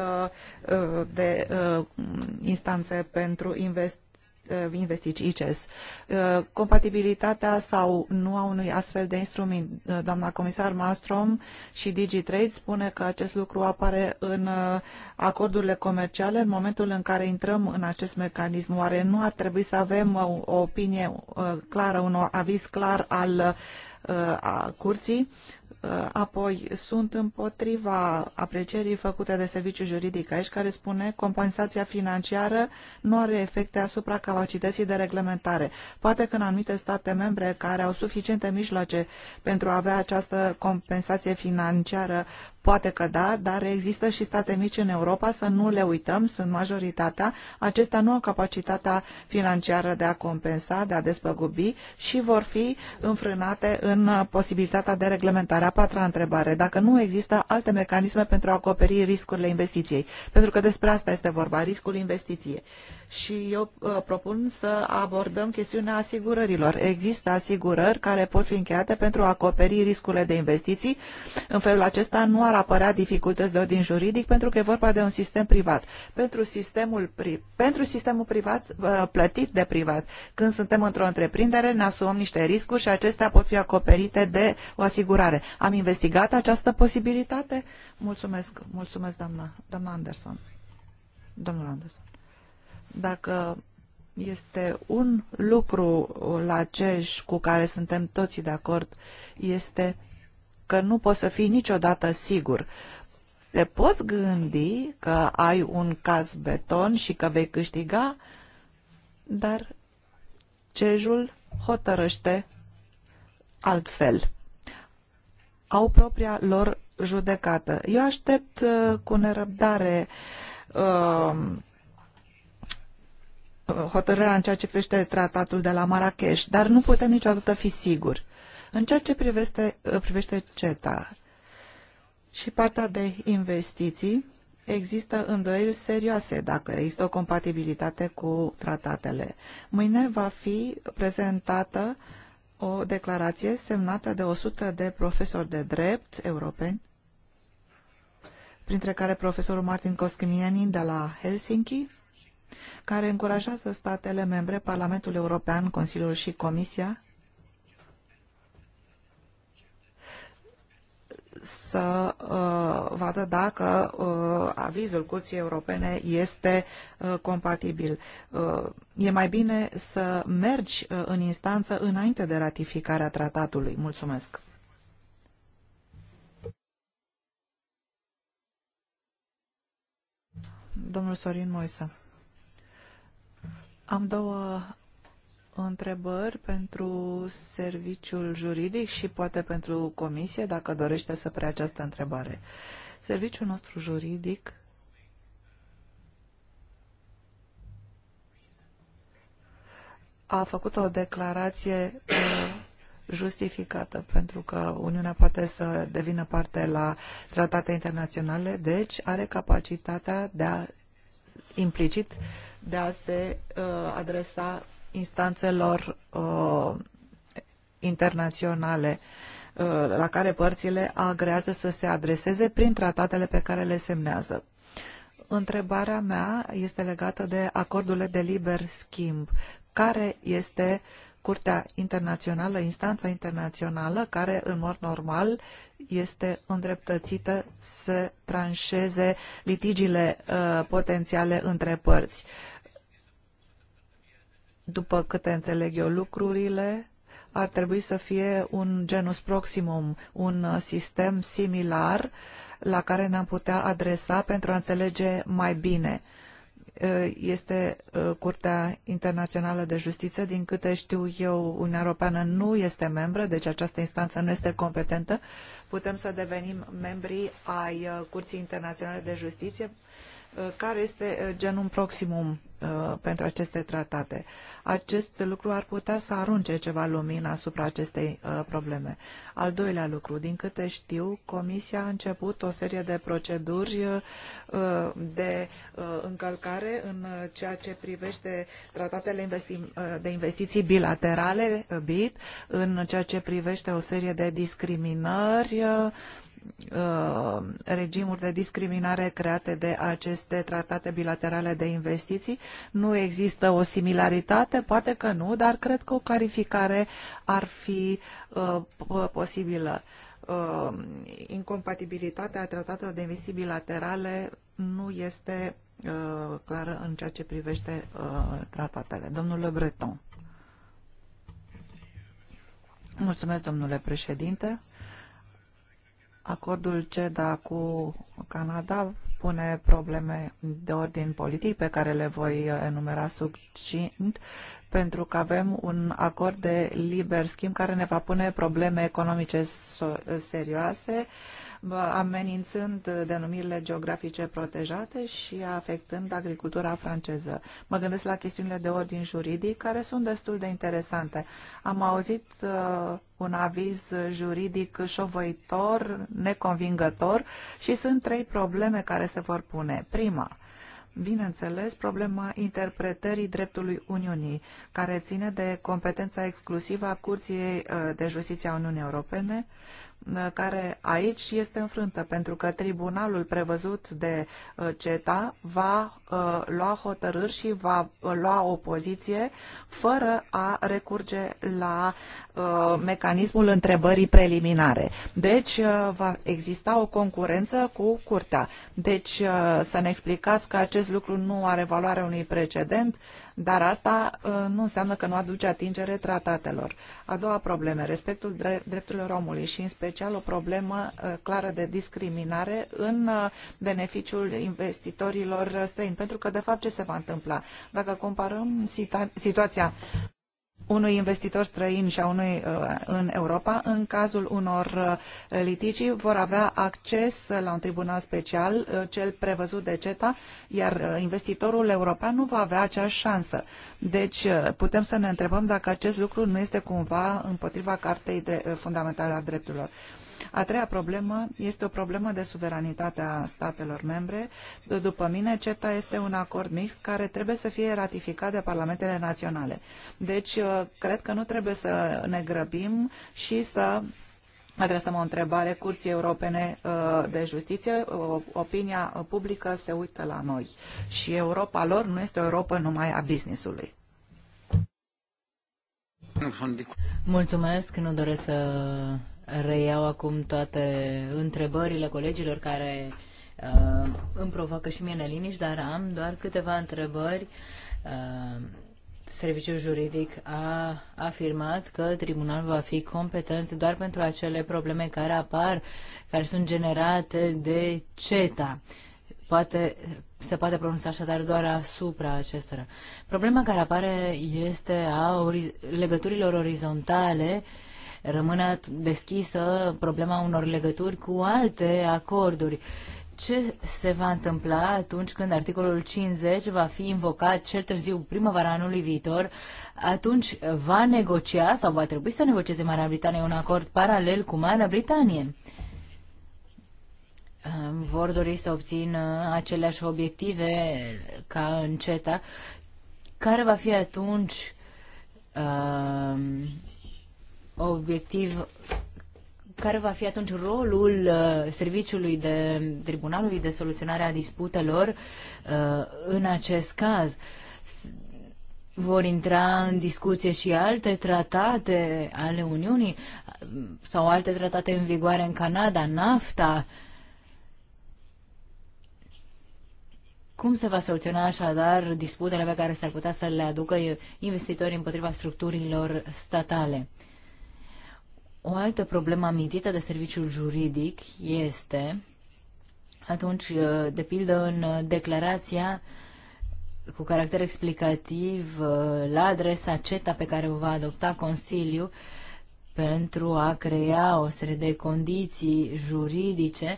uh, de instanțe pentru invest. Uh, investici ICES. Uh, compatibilitatea sau nu a unui astfel de instrument, uh, doamna comisar Malmström și DigiTrade spune că acest lucru apare în acordurile comerciale în momentul în care intrăm în acest mecanism. Oare nu ar trebui să avem o opinie clară, un aviz clar al a curții? Uh, apoi, sunt împotriva aprecierii făcute de serviciu juridic aici, care spune compensația financiară nu are efecte asupra capacității de reglementare. Poate că în anumite state membre care au suficiente mijloace pentru a avea această compensație financiară Poate că da, dar există și state mici în Europa, să nu le uităm, sunt majoritatea. Acestea nu au capacitatea financiară de a compensa, de a despăgubi și vor fi înfrânate în posibilitatea de reglementare. A patra întrebare, dacă nu există alte mecanisme pentru a acoperi riscurile investiției, pentru că despre asta este vorba, riscul investiției. Și eu uh, propun să abordăm chestiunea asigurărilor. Există asigurări care pot fi încheiate pentru a acoperi riscurile de investiții. În felul acesta nu ar apărea dificultăți de ordin juridic pentru că e vorba de un sistem privat. Pentru sistemul, pri, pentru sistemul privat, uh, plătit de privat, când suntem într-o întreprindere, ne asumăm niște riscuri și acestea pot fi acoperite de o asigurare. Am investigat această posibilitate? Mulțumesc, mulțumesc doamna, doamna Anderson. Domnul Anderson. Dacă este un lucru la ceș cu care suntem toții de acord, este că nu poți să fii niciodată sigur. Te poți gândi că ai un caz beton și că vei câștiga, dar cejul hotărăște altfel. Au propria lor judecată. Eu aștept uh, cu nerăbdare uh, hotărârea în ceea ce privește tratatul de la Marrakesh, dar nu putem niciodată fi siguri. În ceea ce privește, uh, privește CETA și partea de investiții, există îndoieli serioase dacă există o compatibilitate cu tratatele. Mâine va fi prezentată o declarație semnată de 100 de profesori de drept europeni, printre care profesorul Martin Koskimieni de la Helsinki, care încurajează statele membre, Parlamentul European, Consiliul și Comisia să uh, vadă dacă uh, avizul Curții Europene este uh, compatibil. Uh, e mai bine să mergi uh, în instanță înainte de ratificarea tratatului. Mulțumesc! Domnul Sorin Moise. Am două întrebări pentru serviciul juridic și poate pentru comisie, dacă dorește să preia această întrebare. Serviciul nostru juridic a făcut o declarație uh, justificată, pentru că Uniunea poate să devină parte la tratate internaționale, deci are capacitatea de a implicit de a se uh, adresa instanțelor uh, internaționale uh, la care părțile agrează să se adreseze prin tratatele pe care le semnează. Întrebarea mea este legată de acordurile de liber schimb. Care este Curtea Internațională, instanța internațională, care în mod normal este îndreptățită să tranșeze litigiile uh, potențiale între părți? Uh, după câte înțeleg eu lucrurile, ar trebui să fie un genus proximum, un sistem similar la care ne-am putea adresa pentru a înțelege mai bine. Este Curtea Internațională de Justiție, din câte știu eu, Uniunea Europeană nu este membră, deci această instanță nu este competentă. Putem să devenim membri ai Curții Internaționale de Justiție Uh, care este uh, genul proximum uh, pentru aceste tratate. Acest lucru ar putea să arunce ceva lumină asupra acestei probleme. Al doilea lucru, din câte știu, Comisia a început o serie de proceduri de încălcare în ceea ce privește tratatele investi de investiții bilaterale, BIT, în ceea ce privește o serie de discriminări Uh, regimuri de discriminare create de aceste tratate bilaterale de investiții. Nu există o similaritate, poate că nu, dar cred că o clarificare ar fi uh, posibilă. Uh, incompatibilitatea tratatelor de investiții bilaterale nu este uh, clară în ceea ce privește uh, tratatele. Domnule Breton. Mulțumesc, domnule președinte. Acordul CEDA cu Canada pune probleme de ordin politic pe care le voi enumera succint pentru că avem un acord de liber schimb care ne va pune probleme economice serioase amenințând denumirile geografice protejate și afectând agricultura franceză. Mă gândesc la chestiunile de ordin juridic, care sunt destul de interesante. Am auzit uh, un aviz juridic șovăitor, neconvingător și sunt trei probleme care se vor pune. Prima, bineînțeles, problema interpretării dreptului Uniunii, care ține de competența exclusivă a Curții uh, de Justiție a Uniunii Europene, care aici este înfrântă, pentru că tribunalul prevăzut de uh, CETA va uh, lua hotărâri și va uh, lua o poziție fără a recurge la mecanismul întrebării preliminare. Deci va exista o concurență cu curtea. Deci să ne explicați că acest lucru nu are valoarea unui precedent, dar asta uh, nu înseamnă că nu aduce atingere tratatelor. A doua problemă, respectul drepturilor omului și în special o problemă uh, clară de discriminare în uh, beneficiul investitorilor străini. Pentru că, de fapt, ce se va întâmpla? Dacă comparăm situația unui investitor străin și a unui uh, în Europa, în cazul unor uh, litigii, vor avea acces la un tribunal special, uh, cel prevăzut de CETA, iar investitorul european nu va avea aceeași șansă. Deci putem să ne întrebăm dacă acest lucru nu este cumva împotriva Cartei Fundamentale a Drepturilor. A treia problemă este o problemă de suveranitate a statelor membre. După mine, CETA este un acord mix care trebuie să fie ratificat de parlamentele naționale. Deci, uh, cred că nu trebuie să ne grăbim și să adresăm o întrebare Curții Europene uh, de Justiție. Opinia publică se uită la noi și Europa lor nu este o Europa numai a businessului. Mulțumesc, nu doresc să reiau acum toate întrebările colegilor care uh, îmi provoacă și mie neliniști, dar am doar câteva întrebări. Uh, Serviciul juridic a afirmat că tribunalul va fi competent doar pentru acele probleme care apar, care sunt generate de CETA. Poate, se poate pronunța așadar doar asupra acestora. Problema care apare este a ori- legăturilor orizontale uh, rămână deschisă problema unor legături cu alte acorduri. Ce se va întâmpla atunci când articolul 50 va fi invocat cel târziu primăvara anului viitor? Atunci va negocia sau va trebui să negocieze Marea Britanie un acord paralel cu Marea Britanie? vor dori să obțină aceleași obiective ca în CETA, care va fi atunci uh, obiectiv care va fi atunci rolul uh, serviciului de Tribunalului de Soluționare a Disputelor uh, în acest caz? Vor intra în discuție și alte tratate ale Uniunii uh, sau alte tratate în vigoare în Canada, NAFTA? Cum se va soluționa așadar disputele pe care s-ar putea să le aducă investitorii împotriva structurilor statale? Uh, o altă problemă amintită de serviciul juridic este atunci, uh, de pildă, în uh, declarația cu caracter explicativ uh, la adresa CETA pe care o va adopta Consiliu pentru a crea o serie de condiții juridice,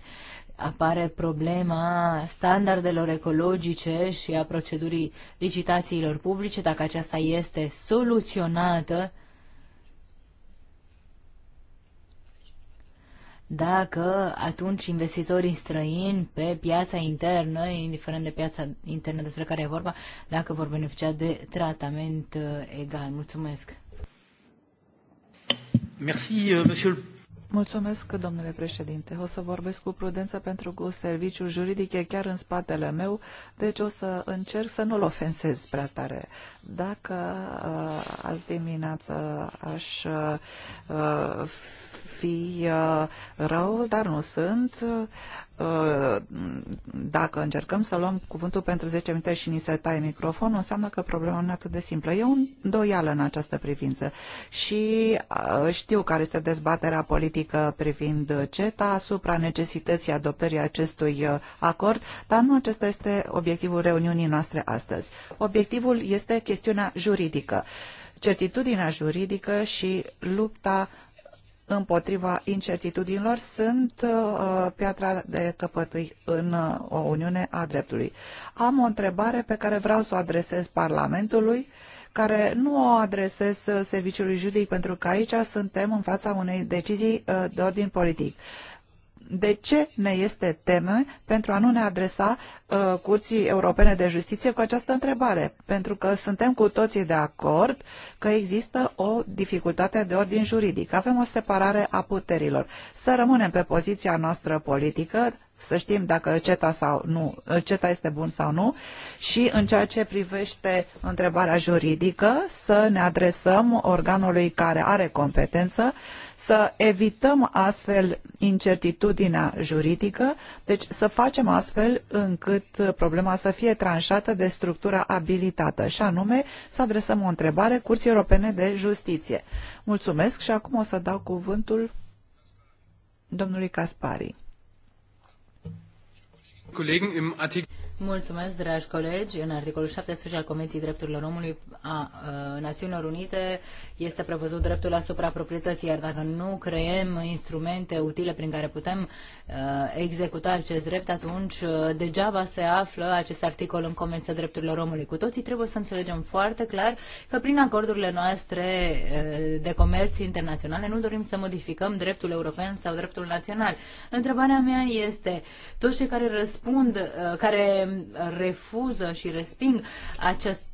apare problema standardelor ecologice și a procedurii licitațiilor publice, dacă aceasta este soluționată dacă atunci investitorii străini pe piața internă, indiferent de piața internă despre care e vorba, dacă vor beneficia de tratament uh, egal. Mulțumesc! Merci, uh, monsieur. Mulțumesc, domnule președinte. O să vorbesc cu prudență pentru că serviciul juridic e chiar în spatele meu, deci o să încerc să nu-l ofensez prea tare. Dacă uh, azi dimineață aș uh, fi uh, rău, dar nu sunt. Uh, dacă încercăm să luăm cuvântul pentru 10 minute și ni se taie microfonul, înseamnă că problema nu e atât de simplă. E un doială în această privință și uh, știu care este dezbaterea politică privind CETA asupra necesității adoptării acestui acord, dar nu acesta este obiectivul reuniunii noastre astăzi. Obiectivul este chestiunea juridică certitudinea juridică și lupta împotriva incertitudinilor sunt uh, piatra de căpătâi în uh, o Uniune a dreptului. Am o întrebare pe care vreau să o adresez Parlamentului, care nu o adresez uh, Serviciului Judic, pentru că aici suntem în fața unei decizii uh, de ordin politic. De ce ne este teme pentru a nu ne adresa uh, Curții Europene de Justiție cu această întrebare? Pentru că suntem cu toții de acord că există o dificultate de ordin juridic. Avem o separare a puterilor. Să rămânem pe poziția noastră politică, să știm dacă CETA, sau nu, CETA este bun sau nu și în ceea ce privește întrebarea juridică să ne adresăm organului care are competență să evităm astfel incertitudinea juridică, deci să facem astfel încât problema să fie tranșată de structura abilitată și anume să adresăm o întrebare Curții Europene de Justiție. Mulțumesc și acum o să dau cuvântul domnului Caspari. Colegen, im artic... Mulțumesc, dragi colegi. În articolul 17 al Convenției Drepturilor Omului a, a Națiunilor Unite este prevăzut dreptul asupra proprietății, iar dacă nu creăm instrumente utile prin care putem a, executa acest drept, atunci a, degeaba se află acest articol în Convenția Drepturilor Omului. Cu toții trebuie să înțelegem foarte clar că prin acordurile noastre de comerț internaționale nu dorim să modificăm dreptul european sau dreptul național. Întrebarea mea este, toți cei care răspund, care refuză și resping acest,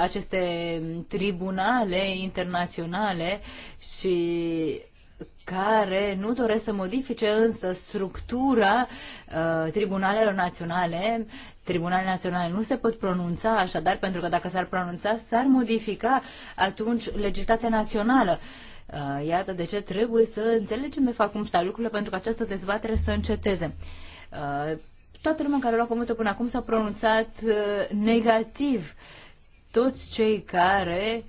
aceste tribunale internaționale și care nu doresc să modifice însă structura uh, tribunalelor naționale. Tribunalele naționale nu se pot pronunța așadar, pentru că dacă s-ar pronunța, s-ar modifica atunci legislația națională. Uh, iată de ce trebuie să înțelegem de fapt cum stau lucrurile pentru că această dezbatere să înceteze. Uh, Toată lumea care a luat cuvântul până acum s-a pronunțat uh, negativ. Toți cei care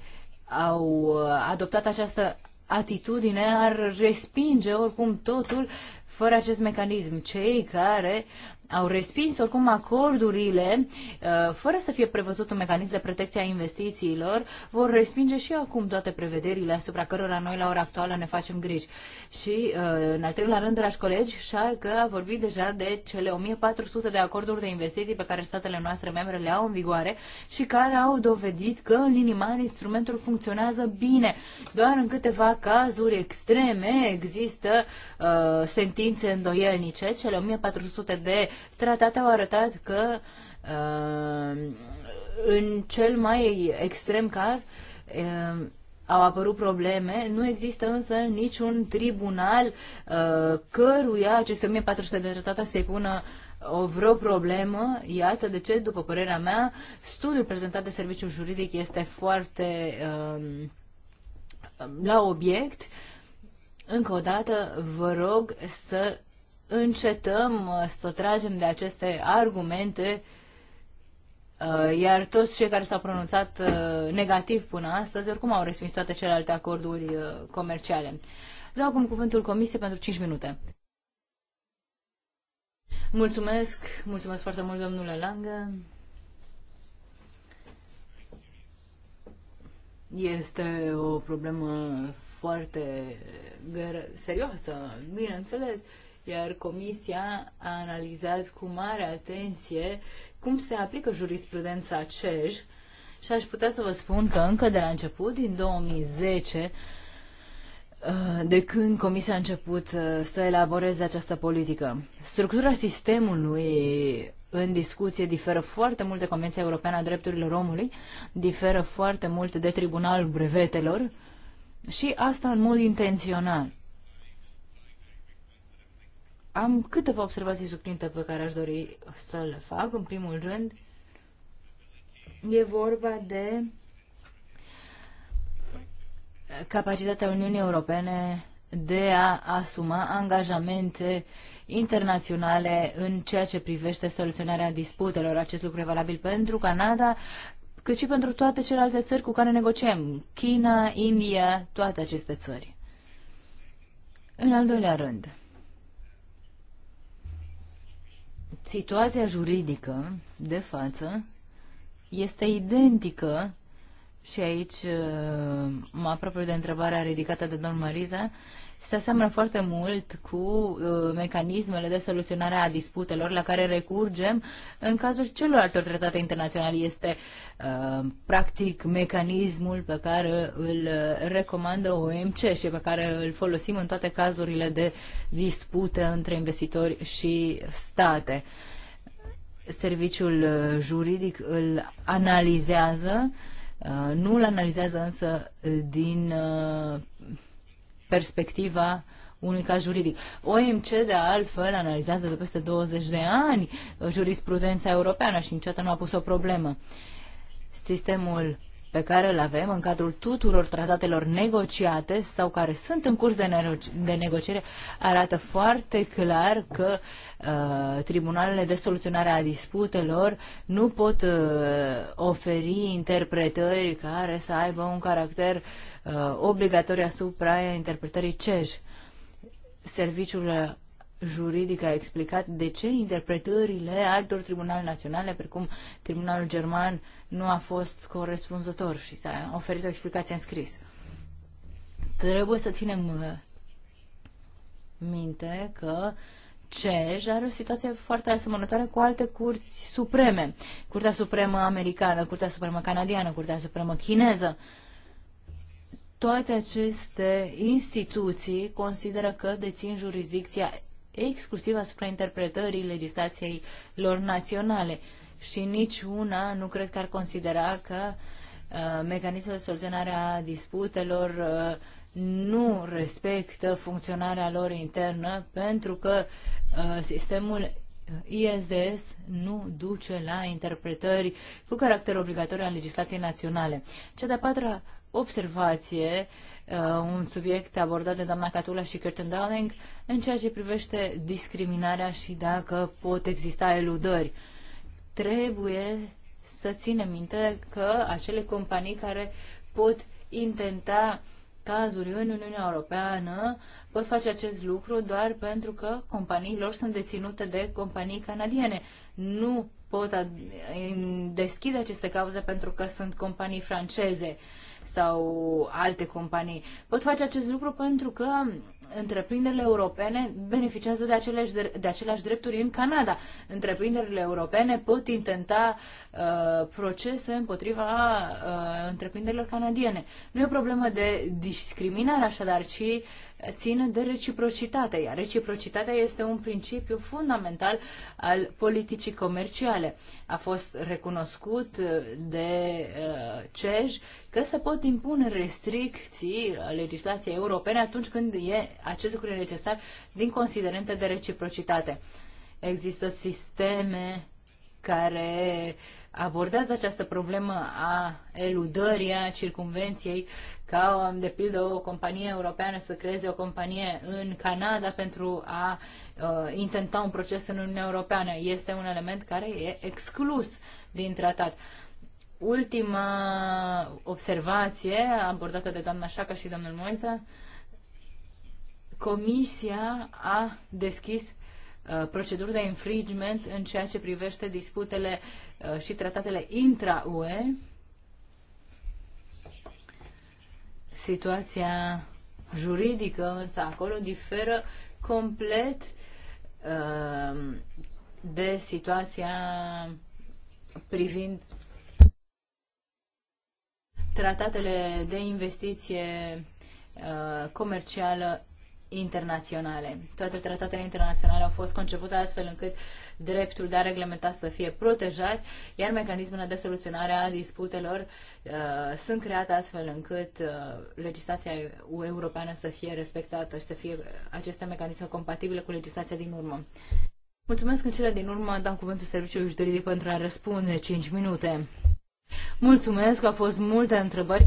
au uh, adoptat această atitudine ar respinge oricum totul fără acest mecanism. Cei care au respins oricum acordurile, uh, fără să fie prevăzut un mecanism de protecție a investițiilor, vor respinge și acum toate prevederile asupra cărora noi la ora actuală ne facem griji. Și, uh, în al treilea rând, dragi colegi, că a vorbit deja de cele 1400 de acorduri de investiții pe care statele noastre membre le au în vigoare și care au dovedit că, în linii mari, instrumentul funcționează bine. Doar în câteva cazuri extreme există uh, sentințe îndoielnice. Cele 1400 de tratate au arătat că uh, în cel mai extrem caz uh, au apărut probleme, nu există însă niciun tribunal uh, căruia aceste 1400 de tratate să-i pună o vreo problemă, iată de ce, după părerea mea, studiul prezentat de serviciul juridic este foarte um, la obiect. Încă o dată, vă rog să încetăm uh, să tragem de aceste argumente, uh, iar toți cei care s-au pronunțat uh, negativ până astăzi, oricum au respins toate celelalte acorduri comerciale. Dau acum cuvântul Comisiei pentru 5 minute. Mulțumesc, mulțumesc foarte mult, domnule Langă. Este o problemă foarte serioasă, bineînțeles. Uh, iar Comisia a analizat cu mare atenție cum se aplică jurisprudența CEJ și aș putea să vă spun că încă de la început, din 2010, uh, de când Comisia a început uh, să elaboreze această politică. Structura sistemului în discuție diferă foarte mult de Convenția Europeană a Drepturilor Omului, diferă foarte mult de Tribunalul Brevetelor și asta în mod intențional. Am câteva observații succinte pe care aș dori să le fac. În primul rând, e vorba de capacitatea Uniunii Europene de a asuma angajamente internaționale în ceea ce privește soluționarea disputelor. Acest lucru e valabil pentru Canada, cât și pentru toate celelalte țări cu care negociem. China, India, toate aceste țări. În al doilea rând, Situația juridică de față este identică și aici uh, mă apropiu de întrebarea ridicată de domnul Mariza, se aseamănă foarte mult cu uh, mecanismele de soluționare a disputelor la care recurgem în cazul celorlalte tratate internaționale. Este uh, practic mecanismul pe care îl uh, recomandă OMC și pe care îl folosim în toate cazurile de dispute între investitori și state. Serviciul uh, juridic îl analizează, uh, nu îl analizează însă din uh, perspectiva unui caz juridic. OMC, de altfel, analizează de peste 20 de ani uh, jurisprudența europeană și niciodată nu a pus o problemă. Sistemul pe care îl avem în cadrul tuturor tratatelor negociate sau care sunt în curs de, de negociere arată foarte clar că uh, tribunalele de soluționare a disputelor nu pot uh, oferi interpretări care să aibă un caracter uh, obligatoriu asupra interpretării CEJ. Serviciul juridic a explicat de ce interpretările altor tribunale naționale, precum Tribunalul German, nu a fost corespunzător și s-a oferit o explicație în scris. Trebuie să ținem uh, minte că CEJ are o situație foarte asemănătoare cu alte curți supreme. Curtea Supremă Americană, Curtea Supremă Canadiană, Curtea Supremă Chineză. Toate aceste instituții consideră că dețin jurisdicția exclusiv asupra interpretării legislației lor naționale și nici una nu cred că ar considera că uh, mecanismele de soluționare a disputelor uh, nu respectă funcționarea lor internă pentru că uh, sistemul ISDS nu duce la interpretări cu caracter obligatoriu al legislației naționale. Cea de-a patra observație uh, Uh, un subiect abordat de doamna Catula și Kirsten Darling în ceea ce privește discriminarea și dacă pot exista eludări. Trebuie să ținem minte că acele companii care pot intenta cazuri în Uniunea Europeană pot face acest lucru doar pentru că companiile lor sunt deținute de companii canadiene. Nu pot deschide aceste cauze pentru că sunt companii franceze sau alte companii pot face acest lucru pentru că întreprinderile europene beneficiază de aceleași, de aceleași drepturi în Canada. Întreprinderile europene pot intenta uh, procese împotriva uh, întreprinderilor canadiene. Nu e o problemă de discriminare, așadar, ci ține de reciprocitate, iar reciprocitatea este un principiu fundamental al politicii comerciale. A fost recunoscut uh, de uh, CEJ că se pot impune restricții uh, legislației europene atunci când e acest lucru e necesar din considerente de reciprocitate. Există sisteme care abordează această problemă a eludării, a circumvenției, ca, de pildă, o companie europeană să creeze o companie în Canada pentru a uh, intenta un proces în Uniunea Europeană. Este un element care e exclus din tratat. Ultima observație abordată de doamna Șaca și domnul Moisa Comisia a deschis uh, proceduri de infringement în ceea ce privește disputele uh, și tratatele intra-UE. Situația juridică însă acolo diferă complet uh, de situația privind tratatele de investiție comercială internaționale. Toate tratatele internaționale au fost concepute astfel încât dreptul de a reglementa să fie protejat, iar mecanismele de soluționare a disputelor uh, sunt create astfel încât uh, legislația europeană să fie respectată și să fie uh, aceste mecanisme compatibile cu legislația din urmă. Mulțumesc în cele din urmă, dau cuvântul serviciului juridic pentru a răspunde 5 minute. Mulțumesc, au fost multe întrebări.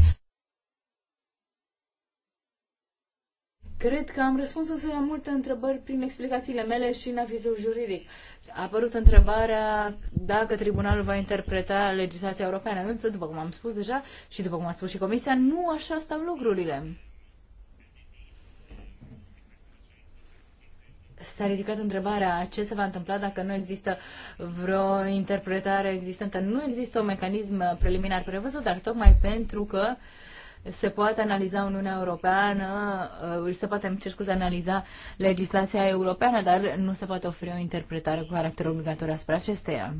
Cred că am răspuns însă la multe întrebări prin explicațiile mele și în avizul juridic. A apărut întrebarea dacă tribunalul va interpreta legislația europeană. Însă, după cum am spus deja și după cum a spus și Comisia, nu așa stau lucrurile. S-a ridicat întrebarea ce se va întâmpla dacă nu există vreo interpretare existentă. Nu există un mecanism preliminar prevăzut, dar tocmai pentru că uh, se poate analiza Uniunea Europeană, uh, se poate, îmi cer scuze, analiza legislația europeană, dar nu se poate oferi o interpretare cu caracter obligatoriu asupra acesteia.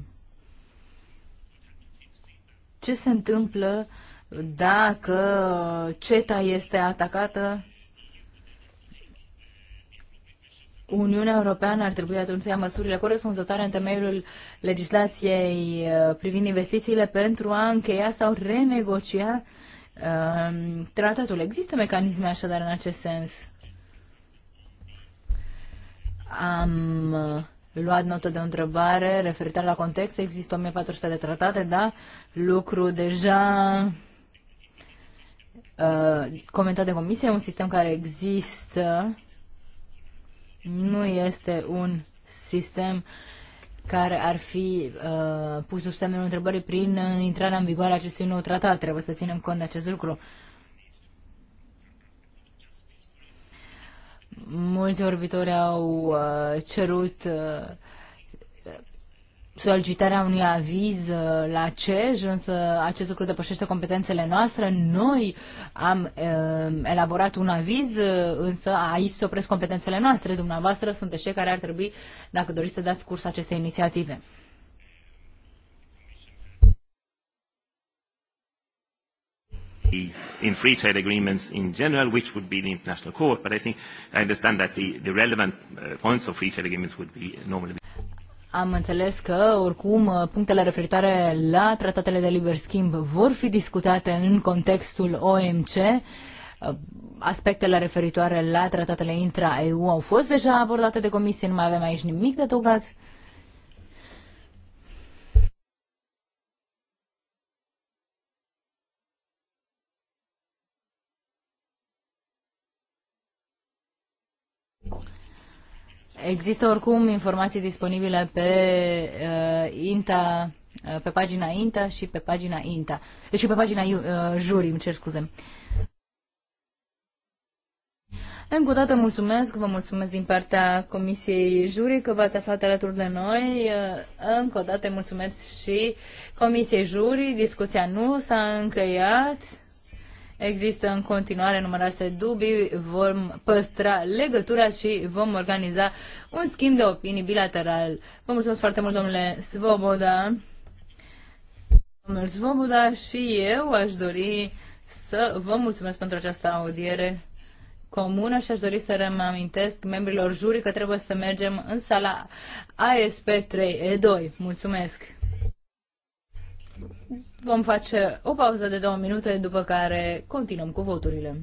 Ce se întâmplă dacă CETA este atacată? Uniunea Europeană ar trebui atunci să ia măsurile corespunzătoare în temeiul legislației uh, privind investițiile pentru a încheia sau renegocia uh, Ehm, tratatul. Există mecanisme așadar în acest sens. Am uh, luat notă de o întrebare referitor la context. Există 1400 de tratate, da? Lucru deja uh, comentat de comisie, un sistem care există, nu este un sistem uh, care ar fi uh, pus sub semnul întrebării prin uh, intrarea în vigoare a acestui nou tratat. Trebuie să ținem cont de acest lucru. Mulți orbitori au uh, cerut uh, solicitarea unui aviz uh, la CEJ, însă acest lucru depășește competențele noastre. Noi am uh, elaborat un aviz, uh, însă aici se opresc competențele noastre. Dumneavoastră sunteți cei care ar trebui, dacă doriți să dați curs aceste inițiative. in free trade agreements in general, which would be the international court, but I think I understand that the, the relevant uh, points of free trade agreements would be normally am înțeles că, oricum, punctele referitoare la tratatele de liber schimb vor fi discutate în contextul OMC. Aspectele referitoare la tratatele intra-EU au fost deja abordate de comisie, nu mai avem aici nimic de adăugat. Există oricum informații disponibile pe uh, INTA, uh, pe pagina INTA și pe pagina INTA deci și pe pagina uh, jurii, îmi cer scuze. Încă o dată mulțumesc, vă mulțumesc din partea Comisiei Juri că v-ați aflat alături de noi. Uh, încă o dată mulțumesc și Comisiei Juri, discuția nu s-a încheiat. Există în continuare numeroase dubii, vom păstra legătura și vom organiza un schimb de opinii bilateral. Vă mulțumesc foarte mult, domnule Svoboda. Domnul Svoboda și eu aș dori să vă mulțumesc pentru această audiere comună și aș dori să reamintesc membrilor jurii că trebuie să mergem în sala ASP 3E2. Mulțumesc! Vom face o pauză de două minute, după care continuăm cu voturile.